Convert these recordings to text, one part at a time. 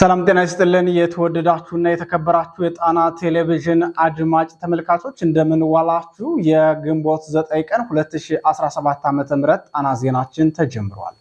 ሰላም ጤና ይስጥልን። የተወደዳችሁና የተከበራችሁ የጣና ቴሌቪዥን አድማጭ ተመልካቾች እንደምንዋላችሁ የግንቦት 9 ቀን 2017 ዓ.ም ጣና ዜናችን ተጀምሯል።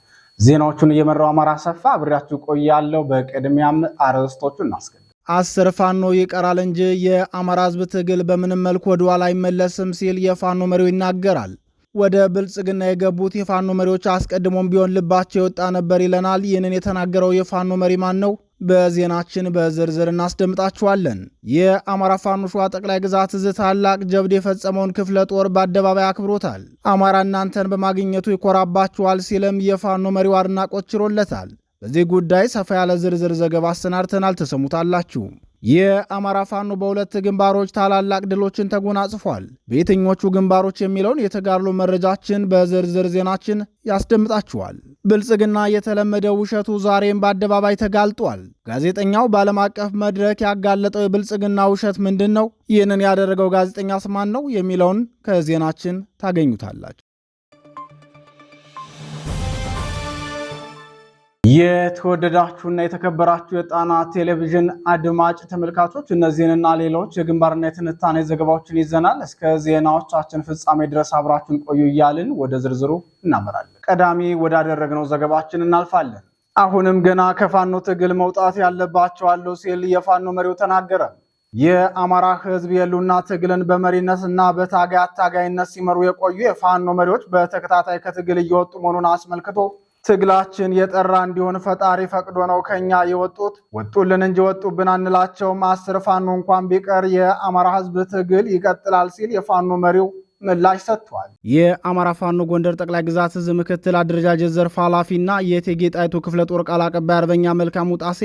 ዜናዎቹን እየመራው አማራ ሰፋ አብሬያችሁ ቆያለሁ። በቅድሚያም አርዕስቶቹ እናስገ አስር ፋኖ ይቀራል እንጂ የአማራ ህዝብ ትግል በምንም መልኩ ወደኋላ አይመለስም ሲል የፋኖ መሪው ይናገራል። ወደ ብልጽግና የገቡት የፋኖ መሪዎች አስቀድሞም ቢሆን ልባቸው የወጣ ነበር ይለናል። ይህንን የተናገረው የፋኖ መሪ ማን ነው? በዜናችን በዝርዝር እናስደምጣችኋለን። የአማራ ፋኖ ሸዋ ጠቅላይ ግዛት እዝ ታላቅ ጀብድ የፈጸመውን ክፍለ ጦር በአደባባይ አክብሮታል። አማራ እናንተን በማግኘቱ ይኮራባችኋል ሲልም የፋኖ መሪው አድናቆት ችሮለታል። በዚህ ጉዳይ ሰፋ ያለ ዝርዝር ዘገባ አሰናድተናል፣ ተሰሙታላችሁ። የአማራ ፋኖ በሁለት ግንባሮች ታላላቅ ድሎችን ተጎናጽፏል። በየትኞቹ ግንባሮች የሚለውን የተጋድሎ መረጃችን በዝርዝር ዜናችን ያስደምጣችኋል። ብልጽግና የተለመደ ውሸቱ ዛሬም በአደባባይ ተጋልጧል። ጋዜጠኛው በዓለም አቀፍ መድረክ ያጋለጠው የብልጽግና ውሸት ምንድን ነው? ይህንን ያደረገው ጋዜጠኛ ስማን ነው? የሚለውን ከዜናችን ታገኙታላችሁ። የተወደዳችሁና የተከበራችሁ የጣና ቴሌቪዥን አድማጭ ተመልካቾች እነዚህንና ሌሎች የግንባርና የትንታኔ ዘገባዎችን ይዘናል። እስከ ዜናዎቻችን ፍጻሜ ድረስ አብራችን ቆዩ እያልን ወደ ዝርዝሩ እናመራለን። ቀዳሚ ወዳደረግነው ዘገባችን እናልፋለን። አሁንም ገና ከፋኖ ትግል መውጣት ያለባቸው አለው ሲል የፋኖ መሪው ተናገረ። የአማራ ሕዝብ የሉና ትግልን በመሪነት እና በታጋይ አታጋይነት ሲመሩ የቆዩ የፋኖ መሪዎች በተከታታይ ከትግል እየወጡ መሆኑን አስመልክቶ ትግላችን የጠራ እንዲሆን ፈጣሪ ፈቅዶ ነው ከኛ የወጡት። ወጡልን እንጂ ወጡብን አንላቸውም። አስር ፋኖ እንኳን ቢቀር የአማራ ህዝብ ትግል ይቀጥላል ሲል የፋኖ መሪው ምላሽ ሰጥቷል። የአማራ ፋኖ ጎንደር ጠቅላይ ግዛት እዝ ምክትል አደረጃጀት ዘርፍ ኃላፊና የእቴጌ ጣይቱ ክፍለ ጦር ቃል አቀባይ አርበኛ መልካሙ ጣሴ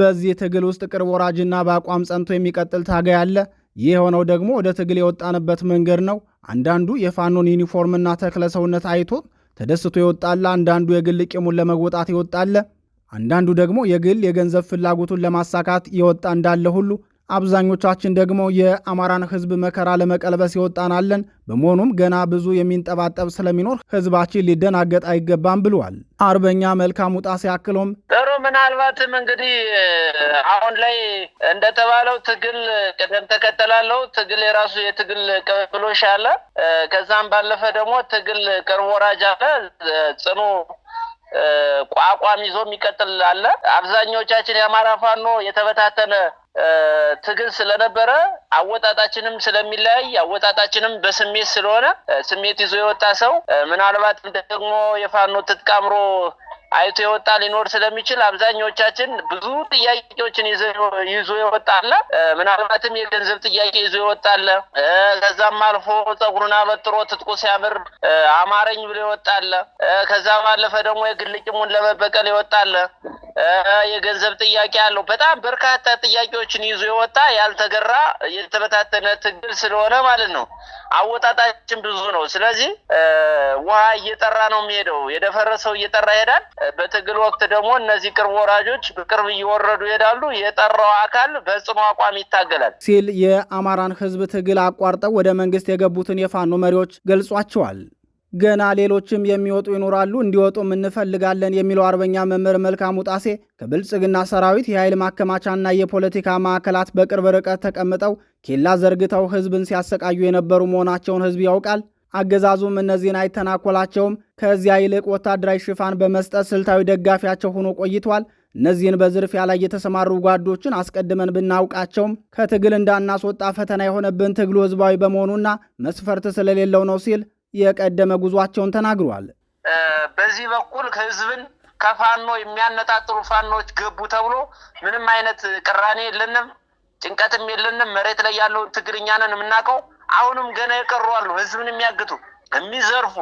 በዚህ ትግል ውስጥ ቅርብ ወራጅና በአቋም ጸንቶ የሚቀጥል ታጋይ አለ። ይህ የሆነው ደግሞ ወደ ትግል የወጣንበት መንገድ ነው። አንዳንዱ የፋኖን ዩኒፎርምና ተክለ ሰውነት አይቶ ተደስቶ ይወጣል አንዳንዱ የግል ቂሙን ለመወጣት ይወጣለ፣ አንዳንዱ ደግሞ የግል የገንዘብ ፍላጎቱን ለማሳካት የወጣ እንዳለ ሁሉ አብዛኞቻችን ደግሞ የአማራን ህዝብ መከራ ለመቀልበስ ይወጣናለን። በመሆኑም ገና ብዙ የሚንጠባጠብ ስለሚኖር ህዝባችን ሊደናገጥ አይገባም ብለዋል። አርበኛ መልካም ውጣ ሲያክሎም ጥሩ ምናልባትም እንግዲህ አሁን ላይ እንደተባለው ትግል ቅደም ተከተል አለው። ትግል የራሱ የትግል ቅብብሎሽ አለ። ከዛም ባለፈ ደግሞ ትግል ቅርብ ወራጅ አለ ጽኑ ቋቋም ይዞ የሚቀጥል አለ። አብዛኛዎቻችን የአማራ ፋኖ የተበታተነ ትግል ስለነበረ አወጣጣችንም ስለሚለያይ አወጣጣችንም በስሜት ስለሆነ ስሜት ይዞ የወጣ ሰው ምናልባት ደግሞ የፋኖ ትጥቅ አምሮ አይቶ የወጣ ሊኖር ስለሚችል አብዛኛዎቻችን ብዙ ጥያቄዎችን ይዞ የወጣለ ምናልባትም የገንዘብ ጥያቄ ይዞ ይወጣለ። ከዛም አልፎ ጸጉሩን አበጥሮ ትጥቁ ሲያምር አማረኝ ብሎ ይወጣለ። ከዛ ባለፈ ደግሞ የግል ቂሙን ለመበቀል ይወጣለ። የገንዘብ ጥያቄ አለው። በጣም በርካታ ጥያቄዎችን ይዞ የወጣ ያልተገራ የተበታተነ ትግል ስለሆነ ማለት ነው። አወጣጣችን ብዙ ነው። ስለዚህ ውሃ እየጠራ ነው የሚሄደው። የደፈረሰው እየጠራ ይሄዳል። በትግል ወቅት ደግሞ እነዚህ ቅርብ ወራጆች በቅርብ እየወረዱ ይሄዳሉ። የጠራው አካል በጽኑ አቋም ይታገላል ሲል የአማራን ህዝብ ትግል አቋርጠው ወደ መንግስት የገቡትን የፋኖ መሪዎች ገልጿቸዋል። ገና ሌሎችም የሚወጡ ይኖራሉ፣ እንዲወጡም እንፈልጋለን የሚለው አርበኛ መምህር መልካሙ ጣሴ ከብልጽግና ሰራዊት የኃይል ማከማቻና የፖለቲካ ማዕከላት በቅርብ ርቀት ተቀምጠው ኬላ ዘርግተው ህዝብን ሲያሰቃዩ የነበሩ መሆናቸውን ህዝብ ያውቃል። አገዛዙም እነዚህን አይተናኮላቸውም። ከዚያ ይልቅ ወታደራዊ ሽፋን በመስጠት ስልታዊ ደጋፊያቸው ሆኖ ቆይቷል። እነዚህን በዝርፊያ ላይ የተሰማሩ ጓዶችን አስቀድመን ብናውቃቸውም ከትግል እንዳናስወጣ ፈተና የሆነብን ትግሉ ህዝባዊ በመሆኑና መስፈርት ስለሌለው ነው ሲል የቀደመ ጉዟቸውን ተናግሯል። በዚህ በኩል ህዝብን ከፋኖ የሚያነጣጥሩ ፋኖች ገቡ ተብሎ ምንም አይነት ቅራኔ የለንም፣ ጭንቀትም የለንም። መሬት ላይ ያለውን ትግል ነን የምናውቀው። አሁንም ገና የቀሩ አሉ። ህዝብን የሚያግቱ የሚዘርፉ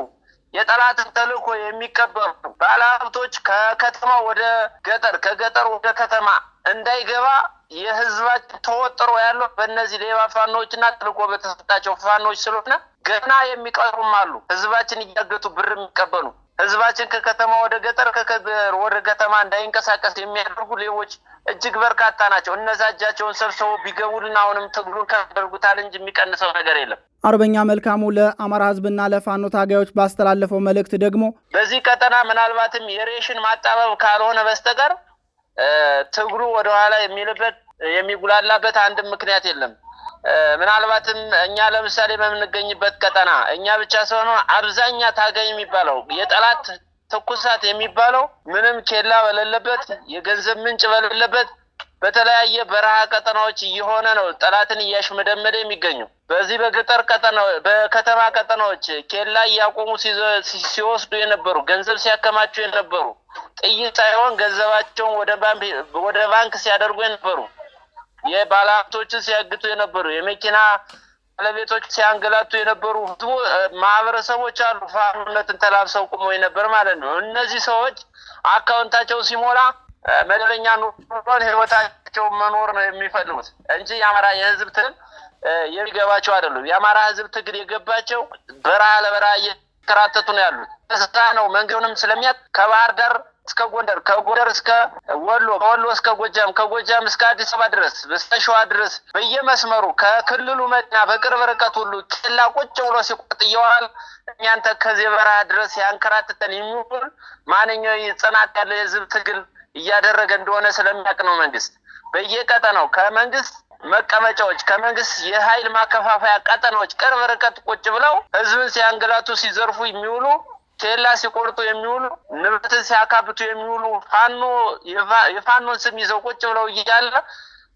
የጠላትን ተልእኮ የሚቀበሉ ባለሀብቶች ከከተማ ወደ ገጠር ከገጠር ወደ ከተማ እንዳይገባ የህዝባችን ተወጥሮ ያለው በእነዚህ ሌባ ፋኖች እና ተልእኮ በተሰጣቸው ፋኖች ስለሆነ ገና የሚቀሩም አሉ። ህዝባችን እያገቱ ብር የሚቀበሉ ህዝባችን ከከተማ ወደ ገጠር ከገጠር ወደ ከተማ እንዳይንቀሳቀስ የሚያደርጉ ሌቦች እጅግ በርካታ ናቸው። እነዛ እጃቸውን ሰብስበው ቢገቡልን አሁንም ትግሉን ካደርጉታል እንጂ የሚቀንሰው ነገር የለም። አርበኛ መልካሙ ለአማራ ህዝብና ለፋኖ ታጋዮች ባስተላለፈው መልእክት ደግሞ በዚህ ቀጠና ምናልባትም የሬሽን ማጣበብ ካልሆነ በስተቀር ትግሉ ወደኋላ የሚልበት የሚጉላላበት አንድም ምክንያት የለም። ምናልባትም እኛ ለምሳሌ በምንገኝበት ቀጠና እኛ ብቻ ሰሆነ አብዛኛ ታገኝ የሚባለው የጠላት ትኩሳት የሚባለው ምንም ኬላ በሌለበት የገንዘብ ምንጭ በሌለበት በተለያየ በረሃ ቀጠናዎች እየሆነ ነው ጠላትን እያሽመደመደ የሚገኙ። በዚህ በገጠር ቀጠና በከተማ ቀጠናዎች ኬላ እያቆሙ ሲወስዱ የነበሩ ገንዘብ ሲያከማቹ የነበሩ ጥይት ሳይሆን ገንዘባቸውን ወደ ባንክ ሲያደርጉ የነበሩ የባለሀብቶችን ሲያግቱ የነበሩ የመኪና ባለቤቶች ሲያንገላቱ የነበሩ ህዝቡ ማህበረሰቦች አሉ። ፋኖነትን ተላብሰው ቁሞ የነበር ማለት ነው። እነዚህ ሰዎች አካውንታቸው ሲሞላ መደበኛ ኑሮን ህይወታቸው መኖር ነው የሚፈልጉት እንጂ የአማራ የህዝብ ትግል የሚገባቸው አይደሉም። የአማራ ህዝብ ትግል የገባቸው በረሃ ለበረሃ እየተከራተቱ ነው ያሉት። ነው መንገዱንም ስለሚያት ከባህር ዳር እስከ ጎንደር፣ ከጎንደር እስከ ወሎ፣ ከወሎ እስከ ጎጃም፣ ከጎጃም እስከ አዲስ አበባ ድረስ፣ እስከ ሸዋ ድረስ በየመስመሩ ከክልሉ መዲና በቅርብ ርቀት ሁሉ ጭላ ቁጭ ብሎ ሲቆጥ እየዋል እኛንተ ከዚህ በረሃ ድረስ ያንከራትተን የሚውል ማንኛው ጽናት ያለ የህዝብ ትግል እያደረገ እንደሆነ ስለሚያውቅ ነው መንግስት በየቀጠናው ከመንግስት መቀመጫዎች ከመንግስት የኃይል ማከፋፈያ ቀጠናዎች ቅርብ ርቀት ቁጭ ብለው ህዝብን ሲያንገላቱ ሲዘርፉ የሚውሉ ኬላ ሲቆርጡ የሚውሉ ንብረትን ሲያካብቱ የሚውሉ ፋኖ የፋኖን ስም ይዘው ቁጭ ብለው እያለ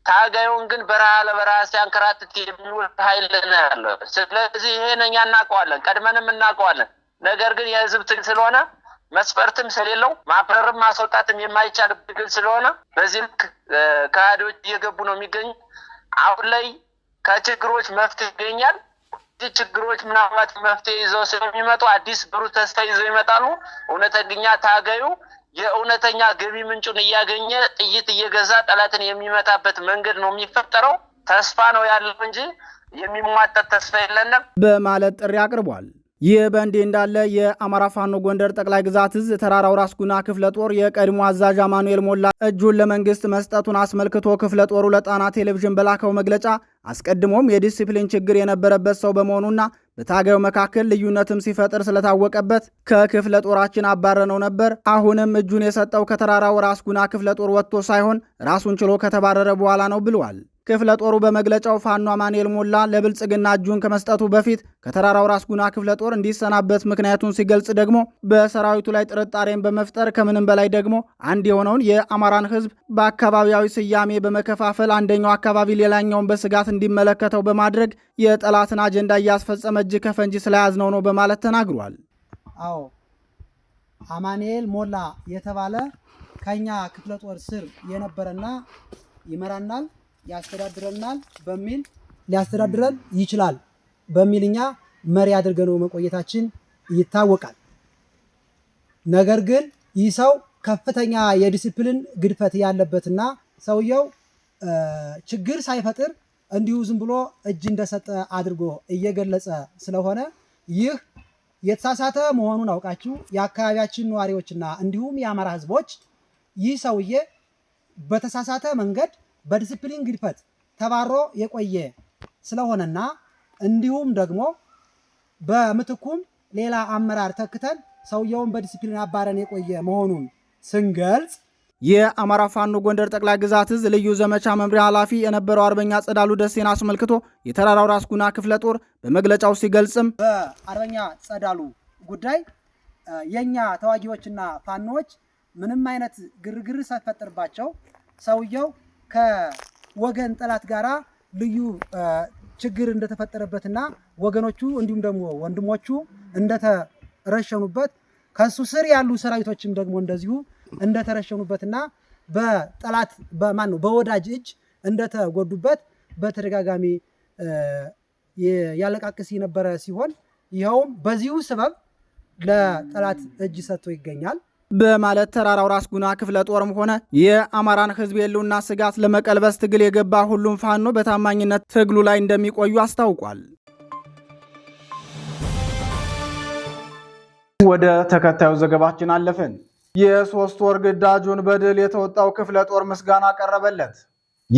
ታጋዩን ግን በረሃ ለበረሃ ሲያንከራትት የሚውል ኃይል ነው ያለ። ስለዚህ ይሄን እኛ እናውቀዋለን፣ ቀድመንም እናውቀዋለን። ነገር ግን የህዝብ ትግል ስለሆነ መስፈርትም ስለሌለው ማፍረርም ማስወጣትም የማይቻል ትግል ስለሆነ በዚህ ልክ ከሃዲዎች እየገቡ ነው የሚገኙ። አሁን ላይ ከችግሮች መፍትሄ ይገኛል። ችግሮች ምናልባት መፍትሄ ይዘው ስለሚመጡ አዲስ ብሩህ ተስፋ ይዘው ይመጣሉ። እውነተኛ ታጋዩ የእውነተኛ ገቢ ምንጩን እያገኘ ጥይት እየገዛ ጠላትን የሚመታበት መንገድ ነው የሚፈጠረው። ተስፋ ነው ያለው እንጂ የሚሟጠት ተስፋ የለንም በማለት ጥሪ አቅርቧል። ይህ በእንዲህ እንዳለ የአማራ ፋኖ ጎንደር ጠቅላይ ግዛት እዝ ተራራው ራስ ጉና ክፍለ ጦር የቀድሞ አዛዥ አማኑኤል ሞላ እጁን ለመንግስት መስጠቱን አስመልክቶ ክፍለ ጦሩ ለጣና ቴሌቪዥን በላከው መግለጫ አስቀድሞም የዲሲፕሊን ችግር የነበረበት ሰው በመሆኑና በታጋዩ መካከል ልዩነትም ሲፈጥር ስለታወቀበት ከክፍለ ጦራችን አባረነው ነበር። አሁንም እጁን የሰጠው ከተራራው ራስ ጉና ክፍለ ጦር ወጥቶ ሳይሆን ራሱን ችሎ ከተባረረ በኋላ ነው ብለዋል። ክፍለ ጦሩ በመግለጫው ፋኖ አማኑኤል ሞላ ለብልጽግና እጁን ከመስጠቱ በፊት ከተራራው ራስ ጉና ክፍለ ጦር እንዲሰናበት ምክንያቱን ሲገልጽ ደግሞ በሰራዊቱ ላይ ጥርጣሬን በመፍጠር ከምንም በላይ ደግሞ አንድ የሆነውን የአማራን ሕዝብ በአካባቢያዊ ስያሜ በመከፋፈል አንደኛው አካባቢ ሌላኛውን በስጋት እንዲመለከተው በማድረግ የጠላትን አጀንዳ እያስፈጸመ እጅ ከፈንጂ ስለያዝነው ነው በማለት ተናግሯል። አዎ አማኑኤል ሞላ የተባለ ከኛ ክፍለ ጦር ስር የነበረና ይመራናል ያስተዳድረናል በሚል ሊያስተዳድረን ይችላል በሚል እኛ መሪ አድርገነው መቆየታችን ይታወቃል። ነገር ግን ይህ ሰው ከፍተኛ የዲሲፕሊን ግድፈት ያለበትና ሰውየው ችግር ሳይፈጥር እንዲሁ ዝም ብሎ እጅ እንደሰጠ አድርጎ እየገለጸ ስለሆነ ይህ የተሳሳተ መሆኑን አውቃችሁ የአካባቢያችን ነዋሪዎችና እንዲሁም የአማራ ሕዝቦች ይህ ሰውዬ በተሳሳተ መንገድ በዲስፕሊን ግድፈት ተባሮ የቆየ ስለሆነና እንዲሁም ደግሞ በምትኩም ሌላ አመራር ተክተን ሰውየውን በዲስፕሊን አባረን የቆየ መሆኑን ስንገልጽ የአማራ ፋኖ ጎንደር ጠቅላይ ግዛት እዝ ልዩ ዘመቻ መምሪያ ኃላፊ የነበረው አርበኛ ጸዳሉ ደሴን አስመልክቶ የተራራው ራስ ጉና ክፍለ ጦር በመግለጫው ሲገልጽም በአርበኛ ጸዳሉ ጉዳይ የእኛ ተዋጊዎችና ፋኖዎች ምንም አይነት ግርግር ሳይፈጠርባቸው ሰውየው ከወገን ጠላት ጋራ ልዩ ችግር እንደተፈጠረበትና ወገኖቹ እንዲሁም ደግሞ ወንድሞቹ እንደተረሸኑበት ከሱ ስር ያሉ ሰራዊቶችም ደግሞ እንደዚሁ እንደተረሸኑበትና በጠላት በማን ነው በወዳጅ እጅ እንደተጎዱበት በተደጋጋሚ ያለቃቅስ የነበረ ሲሆን ይኸውም በዚሁ ሰበብ ለጠላት እጅ ሰጥቶ ይገኛል። በማለት ተራራው ራስ ጉና ክፍለ ጦርም ሆነ የአማራን ህዝብ የህልውና ስጋት ለመቀልበስ ትግል የገባ ሁሉም ፋኖ በታማኝነት ትግሉ ላይ እንደሚቆዩ አስታውቋል። ወደ ተከታዩ ዘገባችን አለፍን። የሶስት ወር ግዳጁን በድል የተወጣው ክፍለ ጦር ምስጋና ቀረበለት።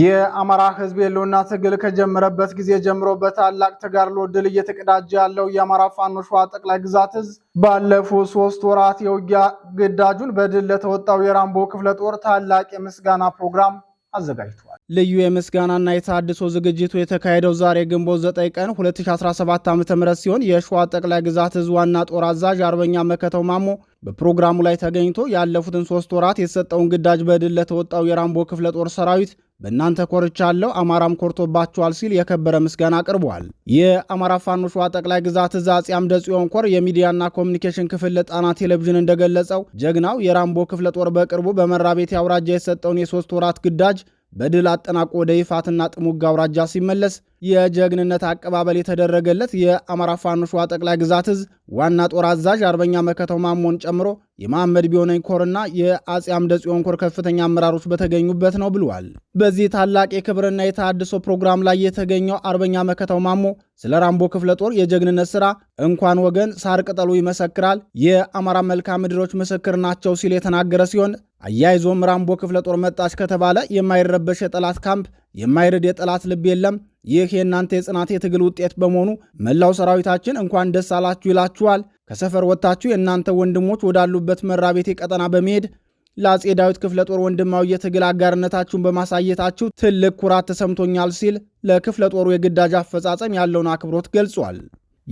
የአማራ ህዝብ የህልውና ትግል ከጀመረበት ጊዜ ጀምሮ በታላቅ ተጋድሎ ድል እየተቀዳጀ ያለው የአማራ ፋኖ ሸዋ ጠቅላይ ግዛት እዝ ባለፉት ሶስት ወራት የውጊያ ግዳጁን በድል ለተወጣው የራምቦ ክፍለ ጦር ታላቅ የምስጋና ፕሮግራም አዘጋጅቷል። ልዩ የምስጋናና የተሃድሶ ዝግጅቱ የተካሄደው ዛሬ ግንቦት 9 ቀን 2017 ዓ ም ሲሆን የሸዋ ጠቅላይ ግዛት እዝ ዋና ጦር አዛዥ አርበኛ መከተው ማሞ በፕሮግራሙ ላይ ተገኝቶ ያለፉትን ሶስት ወራት የተሰጠውን ግዳጅ በድል ለተወጣው የራምቦ ክፍለ ጦር ሰራዊት በእናንተ ኮርቻለሁ፣ አማራም ኮርቶባችኋል ሲል የከበረ ምስጋና አቅርቧል። የአማራ ፋኖ ሸዋ ጠቅላይ ግዛት እዝ አፄ አምደ ጽዮን ኮር የሚዲያና ኮሚኒኬሽን ክፍል ለጣና ቴሌቪዥን እንደገለጸው ጀግናው የራምቦ ክፍለ ጦር በቅርቡ ቤት አውራጃ የሰጠውን የሶስት ወራት ግዳጅ በድል አጠናቆ ወደ ይፋትና ጥሙጋ አውራጃ ሲመለስ የጀግንነት አቀባበል የተደረገለት የአማራ ፋኖ ሸዋ ጠቅላይ ግዛት እዝ ዋና ጦር አዛዥ አርበኛ መከተው ማሞን ጨምሮ የመሐመድ ቢሆነኝ ኮርና የአጼ አምደ ጽዮን ኮር ከፍተኛ አመራሮች በተገኙበት ነው ብለዋል። በዚህ ታላቅ የክብርና የተሃድሶ ፕሮግራም ላይ የተገኘው አርበኛ መከተው ማሞ ስለ ራምቦ ክፍለ ጦር የጀግንነት ስራ እንኳን ወገን ሳር ቅጠሉ ይመሰክራል፣ የአማራ መልክዓ ምድሮች ምስክር ናቸው ሲል የተናገረ ሲሆን አያይዞም ራምቦ ክፍለ ጦር መጣች ከተባለ የማይረበሽ የጠላት ካምፕ የማይረድ የጠላት ልብ የለም። ይህ የእናንተ የጽናት የትግል ውጤት በመሆኑ መላው ሰራዊታችን እንኳን ደስ አላችሁ ይላችኋል። ከሰፈር ወጥታችሁ የእናንተ ወንድሞች ወዳሉበት መራ ቤቴ ቀጠና በመሄድ ለአጼ ዳዊት ክፍለ ጦር ወንድማዊ የትግል አጋርነታችሁን በማሳየታችሁ ትልቅ ኩራት ተሰምቶኛል ሲል ለክፍለ ጦሩ የግዳጅ አፈጻጸም ያለውን አክብሮት ገልጿል።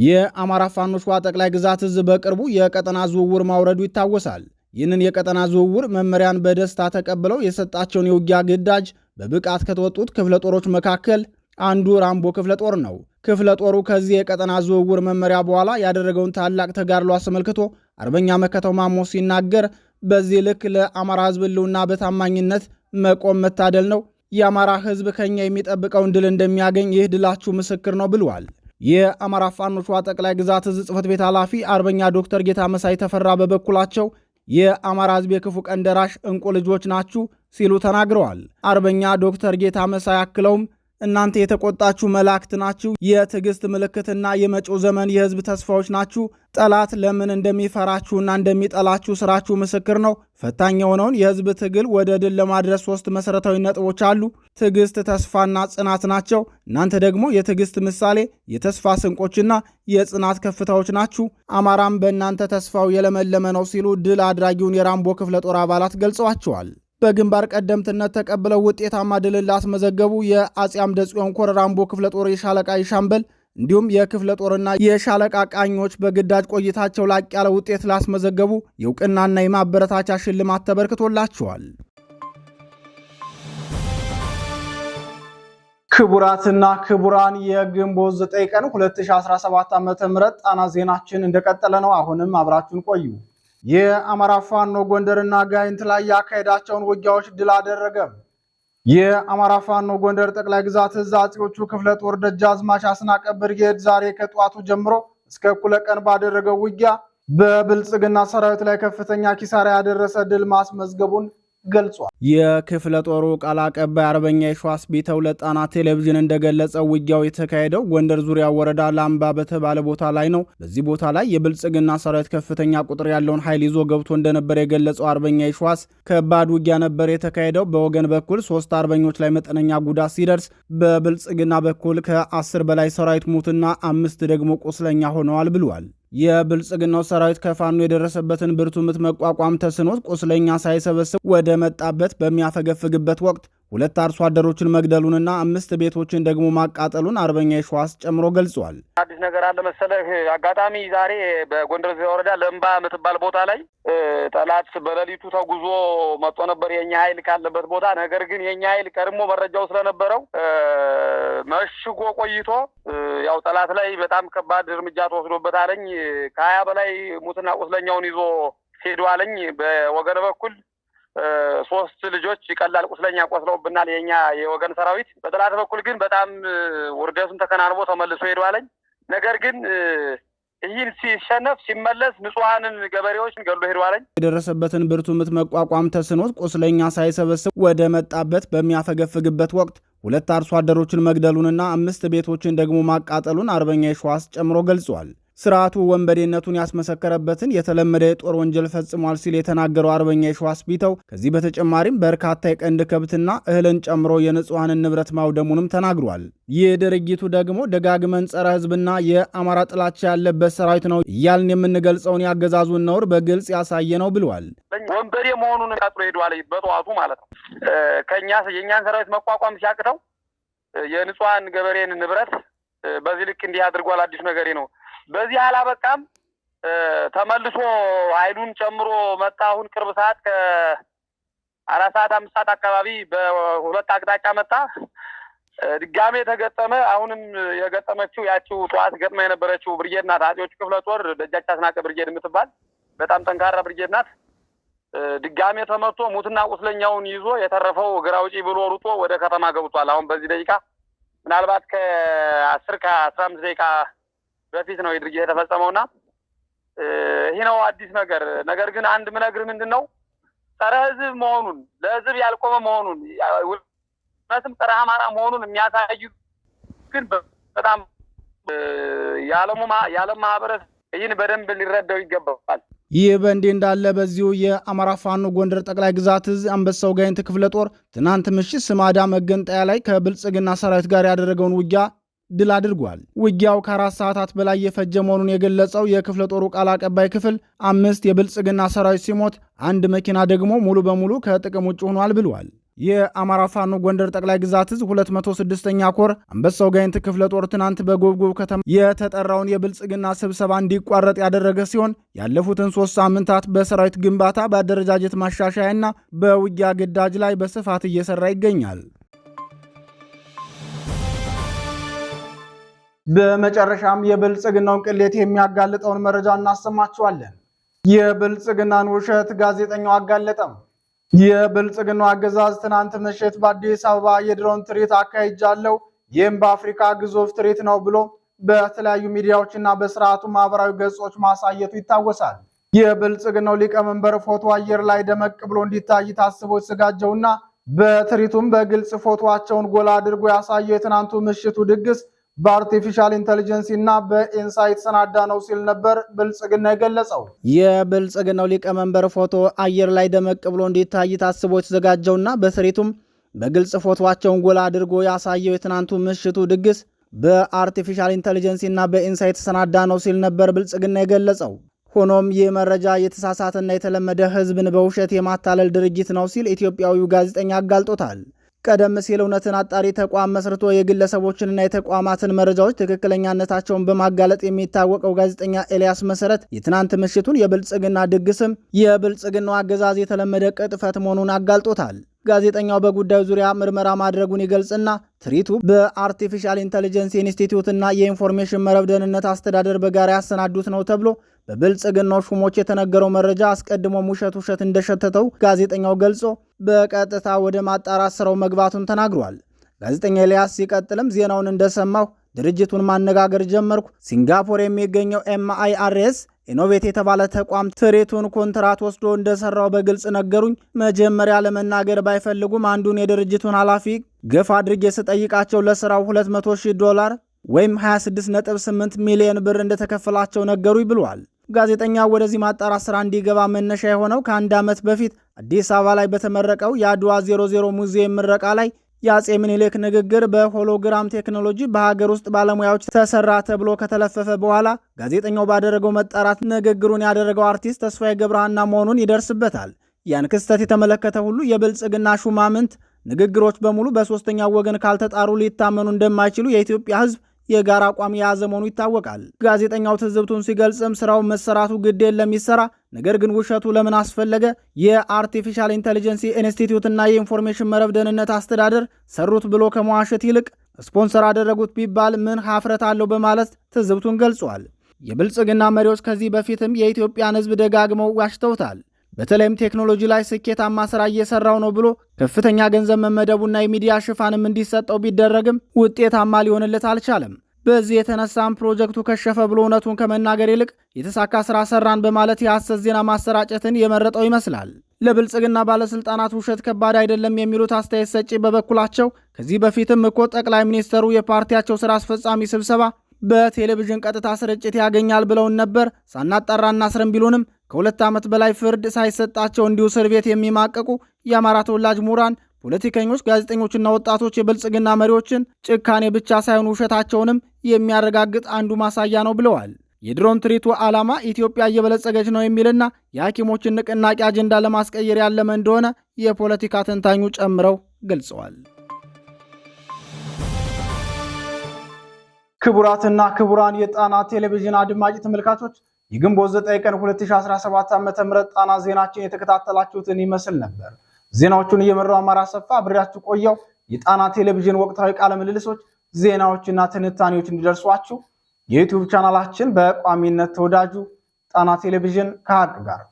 የአማራ ፋኖ ሸዋ ጠቅላይ ግዛት እዝ በቅርቡ የቀጠና ዝውውር ማውረዱ ይታወሳል። ይህንን የቀጠና ዝውውር መመሪያን በደስታ ተቀብለው የሰጣቸውን የውጊያ ግዳጅ በብቃት ከተወጡት ክፍለ ጦሮች መካከል አንዱ ራምቦ ክፍለ ጦር ነው። ክፍለ ጦሩ ከዚህ የቀጠና ዝውውር መመሪያ በኋላ ያደረገውን ታላቅ ተጋድሎ አስመልክቶ አርበኛ መከተው ማሞ ሲናገር በዚህ ልክ ለአማራ ሕዝብ ሕልውና በታማኝነት መቆም መታደል ነው። የአማራ ሕዝብ ከኛ የሚጠብቀውን ድል እንደሚያገኝ ይህ ድላችሁ ምስክር ነው ብለዋል። የአማራ ፋኖ ሸዋ ጠቅላይ ግዛት እዝ ጽፈት ቤት ኃላፊ አርበኛ ዶክተር ጌታ መሳይ ተፈራ በበኩላቸው የአማራ ህዝብ የክፉ ቀን ደራሽ እንቁ ልጆች ናችሁ ሲሉ ተናግረዋል። አርበኛ ዶክተር ጌታ መሳይ አክለውም እናንተ የተቆጣችሁ መላእክት ናችሁ። የትዕግስት ምልክትና የመጪው ዘመን የህዝብ ተስፋዎች ናችሁ። ጠላት ለምን እንደሚፈራችሁና እንደሚጠላችሁ ስራችሁ ምስክር ነው። ፈታኝ የሆነውን የህዝብ ትግል ወደ ድል ለማድረስ ሶስት መሠረታዊ ነጥቦች አሉ። ትዕግስት፣ ተስፋና ጽናት ናቸው። እናንተ ደግሞ የትዕግስት ምሳሌ፣ የተስፋ ስንቆችና የጽናት ከፍታዎች ናችሁ። አማራም በእናንተ ተስፋው የለመለመ ነው ሲሉ ድል አድራጊውን የራምቦ ክፍለ ጦር አባላት ገልጸዋቸዋል። በግንባር ቀደምትነት ተቀብለው ውጤታማ ድልን ላስመዘገቡ የአጼ አምደ ጽዮን ኮር ራምቦ ክፍለ ጦር የሻለቃ ይሻምበል እንዲሁም የክፍለ ጦርና የሻለቃ ቃኞች በግዳጅ ቆይታቸው ላቅ ያለ ውጤት ላስመዘገቡ የእውቅናና የማበረታቻ ሽልማት ተበርክቶላቸዋል። ክቡራትና ክቡራን የግንቦት 9 ቀን 2017 ዓ ም ጣና ዜናችን እንደቀጠለ ነው። አሁንም አብራችሁን ቆዩ። የአማራ ፋኖ ጎንደርና ጋይንት ላይ ያካሄዳቸውን ውጊያዎች ድል አደረገ። የአማራ ፋኖ ጎንደር ጠቅላይ ግዛት እዝ አጼዎቹ ክፍለ ጦር ደጃዝማች አስናቀብር ጌድ ዛሬ ከጠዋቱ ጀምሮ እስከ እኩለ ቀን ባደረገው ውጊያ በብልጽግና ሰራዊት ላይ ከፍተኛ ኪሳራ ያደረሰ ድል ማስመዝገቡን ገልጿል። የክፍለ ጦሩ ቃል አቀባይ አርበኛ የሸዋስ ቢተው ለጣና ቴሌቪዥን እንደገለጸው ውጊያው የተካሄደው ጎንደር ዙሪያ ወረዳ ላምባ በተባለ ቦታ ላይ ነው። በዚህ ቦታ ላይ የብልጽግና ሰራዊት ከፍተኛ ቁጥር ያለውን ኃይል ይዞ ገብቶ እንደነበር የገለጸው አርበኛ የሸዋስ ከባድ ውጊያ ነበር የተካሄደው። በወገን በኩል ሶስት አርበኞች ላይ መጠነኛ ጉዳት ሲደርስ፣ በብልጽግና በኩል ከአስር በላይ ሰራዊት ሙትና አምስት ደግሞ ቁስለኛ ሆነዋል ብሏል። የብልጽግናው ሰራዊት ከፋኖ የደረሰበትን ብርቱ ምት መቋቋም ተስኖት ቁስለኛ ሳይሰበስብ ወደ መጣበት በሚያፈገፍግበት ወቅት ሁለት አርሶ አደሮችን መግደሉንና አምስት ቤቶችን ደግሞ ማቃጠሉን አርበኛ የሸዋስ ጨምሮ ገልጿል። አዲስ ነገር አለ መሰለህ። አጋጣሚ ዛሬ በጎንደር ዙሪያ ወረዳ ለምባ የምትባል ቦታ ላይ ጠላት በሌሊቱ ተጉዞ መጥቶ ነበር የኛ ኃይል ካለበት ቦታ። ነገር ግን የኛ ኃይል ቀድሞ መረጃው ስለነበረው መሽጎ ቆይቶ ያው ጠላት ላይ በጣም ከባድ እርምጃ ተወስዶበት አለኝ ከሀያ በላይ ሙትና ቁስለኛውን ይዞ ሄዱ አለኝ በወገን በኩል ሶስት ልጆች ቀላል ቁስለኛ ቆስለውብናል። የኛ የወገን ሰራዊት በጠላት በኩል ግን በጣም ውርደቱን ተከናንቦ ተመልሶ ሄደዋለኝ። ነገር ግን ይህን ሲሸነፍ ሲመለስ ንጹሐንን ገበሬዎችን ገሎ ሄደዋለኝ። የደረሰበትን ብርቱ ምት መቋቋም ተስኖት ቁስለኛ ሳይሰበስብ ወደ መጣበት በሚያፈገፍግበት ወቅት ሁለት አርሶ አደሮችን መግደሉንና አምስት ቤቶችን ደግሞ ማቃጠሉን አርበኛ የሸዋስ ጨምሮ ገልጿል። ስርዓቱ ወንበዴነቱን ያስመሰከረበትን የተለመደ የጦር ወንጀል ፈጽሟል ሲል የተናገረው አርበኛ የሸዋስ ቢተው ከዚህ በተጨማሪም በርካታ የቀንድ ከብትና እህልን ጨምሮ የንጹሐንን ንብረት ማውደሙንም ተናግሯል። ይህ ድርጊቱ ደግሞ ደጋግመን ጸረ ህዝብና የአማራ ጥላቻ ያለበት ሰራዊት ነው እያልን የምንገልጸውን ያገዛዙን ነውር በግልጽ ያሳየ ነው ብሏል። ወንበዴ መሆኑን ቀጥሮ ሄደዋል። በጠዋቱ ማለት ነው ከእኛ የእኛን ሰራዊት መቋቋም ሲያቅተው የንጹሐን ገበሬን ንብረት በዚህ ልክ እንዲህ አድርጓል። አዲሱ ነገሬ ነው በዚህ አላበቃም። ተመልሶ ኃይሉን ጨምሮ መጣ። አሁን ቅርብ ሰዓት ከአራት ሰዓት አምስት ሰዓት አካባቢ በሁለት አቅጣጫ መጣ። ድጋሜ የተገጠመ አሁንም የገጠመችው ያችው ጠዋት ገጥማ የነበረችው ብርጌድ ናት። አጼዎች ክፍለ ጦር ደጃች አስናቀ ብርጌድ የምትባል በጣም ጠንካራ ብርጌድ ናት። ድጋሜ ተመቶ ሙትና ቁስለኛውን ይዞ የተረፈው ግራ ውጪ ብሎ ሩጦ ወደ ከተማ ገብቷል። አሁን በዚህ ደቂቃ ምናልባት ከአስር ከአስራ አምስት ደቂቃ በፊት ነው ድርጊት የተፈጸመውና ይህ ነው አዲስ ነገር። ነገር ግን አንድ ምነግር ምንድን ነው ጸረ ህዝብ መሆኑን ለህዝብ ያልቆመ መሆኑን እውነትም ጸረ አማራ መሆኑን የሚያሳዩ ግን በጣም የዓለም ማህበረሰብ ይህን በደንብ ሊረዳው ይገባል። ይህ በእንዲህ እንዳለ በዚሁ የአማራ ፋኖ ጎንደር ጠቅላይ ግዛት እዝ አንበሳው ጋይንት ክፍለ ጦር ትናንት ምሽት ስማዳ መገንጠያ ላይ ከብልጽግና ሰራዊት ጋር ያደረገውን ውጊያ ድል አድርጓል። ውጊያው ከአራት ሰዓታት በላይ የፈጀ መሆኑን የገለጸው የክፍለ ጦሩ ቃል አቀባይ ክፍል አምስት የብልጽግና ሰራዊት ሲሞት አንድ መኪና ደግሞ ሙሉ በሙሉ ከጥቅም ውጭ ሆኗል ብሏል። የአማራ ፋኖ ጎንደር ጠቅላይ ግዛት እዝ 206ኛ ኮር አንበሳው ጋይንት ክፍለ ጦር ትናንት በጎብጎብ ከተማ የተጠራውን የብልጽግና ስብሰባ እንዲቋረጥ ያደረገ ሲሆን ያለፉትን ሶስት ሳምንታት በሰራዊት ግንባታ፣ በአደረጃጀት ማሻሻያና በውጊያ ግዳጅ ላይ በስፋት እየሰራ ይገኛል። በመጨረሻም የብልጽግናውን ቅሌት የሚያጋልጠውን መረጃ እናሰማችኋለን። የብልጽግናን ውሸት ጋዜጠኛው አጋለጠም። የብልጽግናው አገዛዝ ትናንት ምሽት በአዲስ አበባ የድሮን ትርኢት አካሂጃለሁ፣ ይህም በአፍሪካ ግዙፍ ትርኢት ነው ብሎ በተለያዩ ሚዲያዎችና በስርዓቱ ማህበራዊ ገጾች ማሳየቱ ይታወሳል። የብልጽግናው ሊቀመንበር ፎቶ አየር ላይ ደመቅ ብሎ እንዲታይ ታስቦ የተዘጋጀውና በትርኢቱም በግልጽ ፎቶቸውን ጎላ አድርጎ ያሳየው የትናንቱ ምሽቱ ድግስ በአርቲፊሻል ኢንቴሊጀንስ እና በኢንሳ የተሰናዳ ነው ሲል ነበር ብልጽግና የገለጸው። የብልጽግናው ሊቀመንበር ፎቶ አየር ላይ ደመቅ ብሎ እንዲታይ ታስቦ የተዘጋጀውና በስሪቱም በግልጽ ፎቶቸውን ጎላ አድርጎ ያሳየው የትናንቱ ምሽቱ ድግስ በአርቲፊሻል ኢንቴሊጀንስ እና በኢንሳ የተሰናዳ ነው ሲል ነበር ብልጽግና የገለጸው። ሆኖም ይህ መረጃ የተሳሳተና የተለመደ ህዝብን በውሸት የማታለል ድርጅት ነው ሲል ኢትዮጵያዊው ጋዜጠኛ አጋልጦታል። ቀደም ሲል እውነትን አጣሪ ተቋም መስርቶ የግለሰቦችንና የተቋማትን መረጃዎች ትክክለኛነታቸውን በማጋለጥ የሚታወቀው ጋዜጠኛ ኤልያስ መሰረት የትናንት ምሽቱን የብልጽግና ድግስም የብልጽግናው አገዛዝ የተለመደ ቅጥፈት መሆኑን አጋልጦታል። ጋዜጠኛው በጉዳዩ ዙሪያ ምርመራ ማድረጉን ይገልጽና ትርኢቱ በአርቲፊሻል ኢንተሊጀንስ ኢንስቲትዩት እና የኢንፎርሜሽን መረብ ደህንነት አስተዳደር በጋራ ያሰናዱት ነው ተብሎ በብልጽግና ሹሞች የተነገረው መረጃ አስቀድሞ ውሸት ውሸት እንደሸተተው ጋዜጠኛው ገልጾ በቀጥታ ወደ ማጣራት ስራው መግባቱን ተናግሯል። ጋዜጠኛ ኤልያስ ሲቀጥልም ዜናውን እንደሰማሁ ድርጅቱን ማነጋገር ጀመርኩ። ሲንጋፖር የሚገኘው ኤምአይአርኤስ ኢኖቬት የተባለ ተቋም ትሬቱን ኮንትራት ወስዶ እንደሰራው በግልጽ ነገሩኝ። መጀመሪያ ለመናገር ባይፈልጉም አንዱን የድርጅቱን ኃላፊ ገፋ አድርጌ ስጠይቃቸው ለስራው 200 ሺህ ዶላር ወይም 26.8 ሚሊዮን ብር እንደተከፈላቸው ነገሩኝ ብሏል። ጋዜጠኛ ወደዚህ ማጣራት ስራ እንዲገባ መነሻ የሆነው ከአንድ ዓመት በፊት አዲስ አበባ ላይ በተመረቀው የአድዋ 00 ሙዚየም ምረቃ ላይ የአጼ ምኒልክ ንግግር በሆሎግራም ቴክኖሎጂ በሀገር ውስጥ ባለሙያዎች ተሰራ ተብሎ ከተለፈፈ በኋላ ጋዜጠኛው ባደረገው መጣራት ንግግሩን ያደረገው አርቲስት ተስፋዬ ገብረሃና መሆኑን ይደርስበታል። ያን ክስተት የተመለከተ ሁሉ የብልጽግና ሹማምንት ንግግሮች በሙሉ በሶስተኛው ወገን ካልተጣሩ ሊታመኑ እንደማይችሉ የኢትዮጵያ ሕዝብ የጋራ አቋም የያዘ መሆኑ ይታወቃል። ጋዜጠኛው ትዝብቱን ሲገልጽም ስራው መሰራቱ ግድ የለም ይሰራ፣ ነገር ግን ውሸቱ ለምን አስፈለገ? የአርቲፊሻል ኢንስቲትዩት እና የኢንፎርሜሽን መረብ ደህንነት አስተዳደር ሰሩት ብሎ ከመዋሸት ይልቅ ስፖንሰር አደረጉት ቢባል ምን ሀፍረት አለው በማለት ትዝብቱን ገልጿል። የብልጽግና መሪዎች ከዚህ በፊትም የኢትዮጵያን ሕዝብ ደጋግመው ዋሽተውታል። በተለይም ቴክኖሎጂ ላይ ስኬታማ ስራ እየሰራው ነው ብሎ ከፍተኛ ገንዘብ መመደቡና የሚዲያ ሽፋንም እንዲሰጠው ቢደረግም ውጤታማ ሊሆንለት አልቻለም። በዚህ የተነሳም ፕሮጀክቱ ከሸፈ ብሎ እውነቱን ከመናገር ይልቅ የተሳካ ስራ ሰራን በማለት የሐሰት ዜና ማሰራጨትን የመረጠው ይመስላል። ለብልጽግና ባለስልጣናት ውሸት ከባድ አይደለም የሚሉት አስተያየት ሰጪ በበኩላቸው ከዚህ በፊትም እኮ ጠቅላይ ሚኒስተሩ የፓርቲያቸው ስራ አስፈጻሚ ስብሰባ በቴሌቪዥን ቀጥታ ስርጭት ያገኛል ብለውን ነበር። ሳናጣራ እናስረን ቢሉንም ከሁለት ዓመት በላይ ፍርድ ሳይሰጣቸው እንዲሁ እስር ቤት የሚማቀቁ የአማራ ተወላጅ ምሁራን፣ ፖለቲከኞች፣ ጋዜጠኞችና ወጣቶች የብልጽግና መሪዎችን ጭካኔ ብቻ ሳይሆን ውሸታቸውንም የሚያረጋግጥ አንዱ ማሳያ ነው ብለዋል። የድሮን ትርኢቱ ዓላማ ኢትዮጵያ እየበለጸገች ነው የሚልና የሐኪሞችን ንቅናቄ አጀንዳ ለማስቀየር ያለመ እንደሆነ የፖለቲካ ተንታኙ ጨምረው ገልጸዋል። ክቡራትና ክቡራን የጣና ቴሌቪዥን አድማጭ ተመልካቾች የግንቦት 9 ቀን 2017 ዓ.ም ጣና ዜናችን የተከታተላችሁትን ይመስል ነበር። ዜናዎቹን እየመራው አማራ ሰፋ አብሬያችሁ ቆየው። የጣና ቴሌቪዥን ወቅታዊ ቃለ ምልልሶች፣ ዜናዎችና ትንታኔዎች እንዲደርሷችሁ የዩቲዩብ ቻናላችን በቋሚነት ተወዳጁ ጣና ቴሌቪዥን ከሀቅ ጋር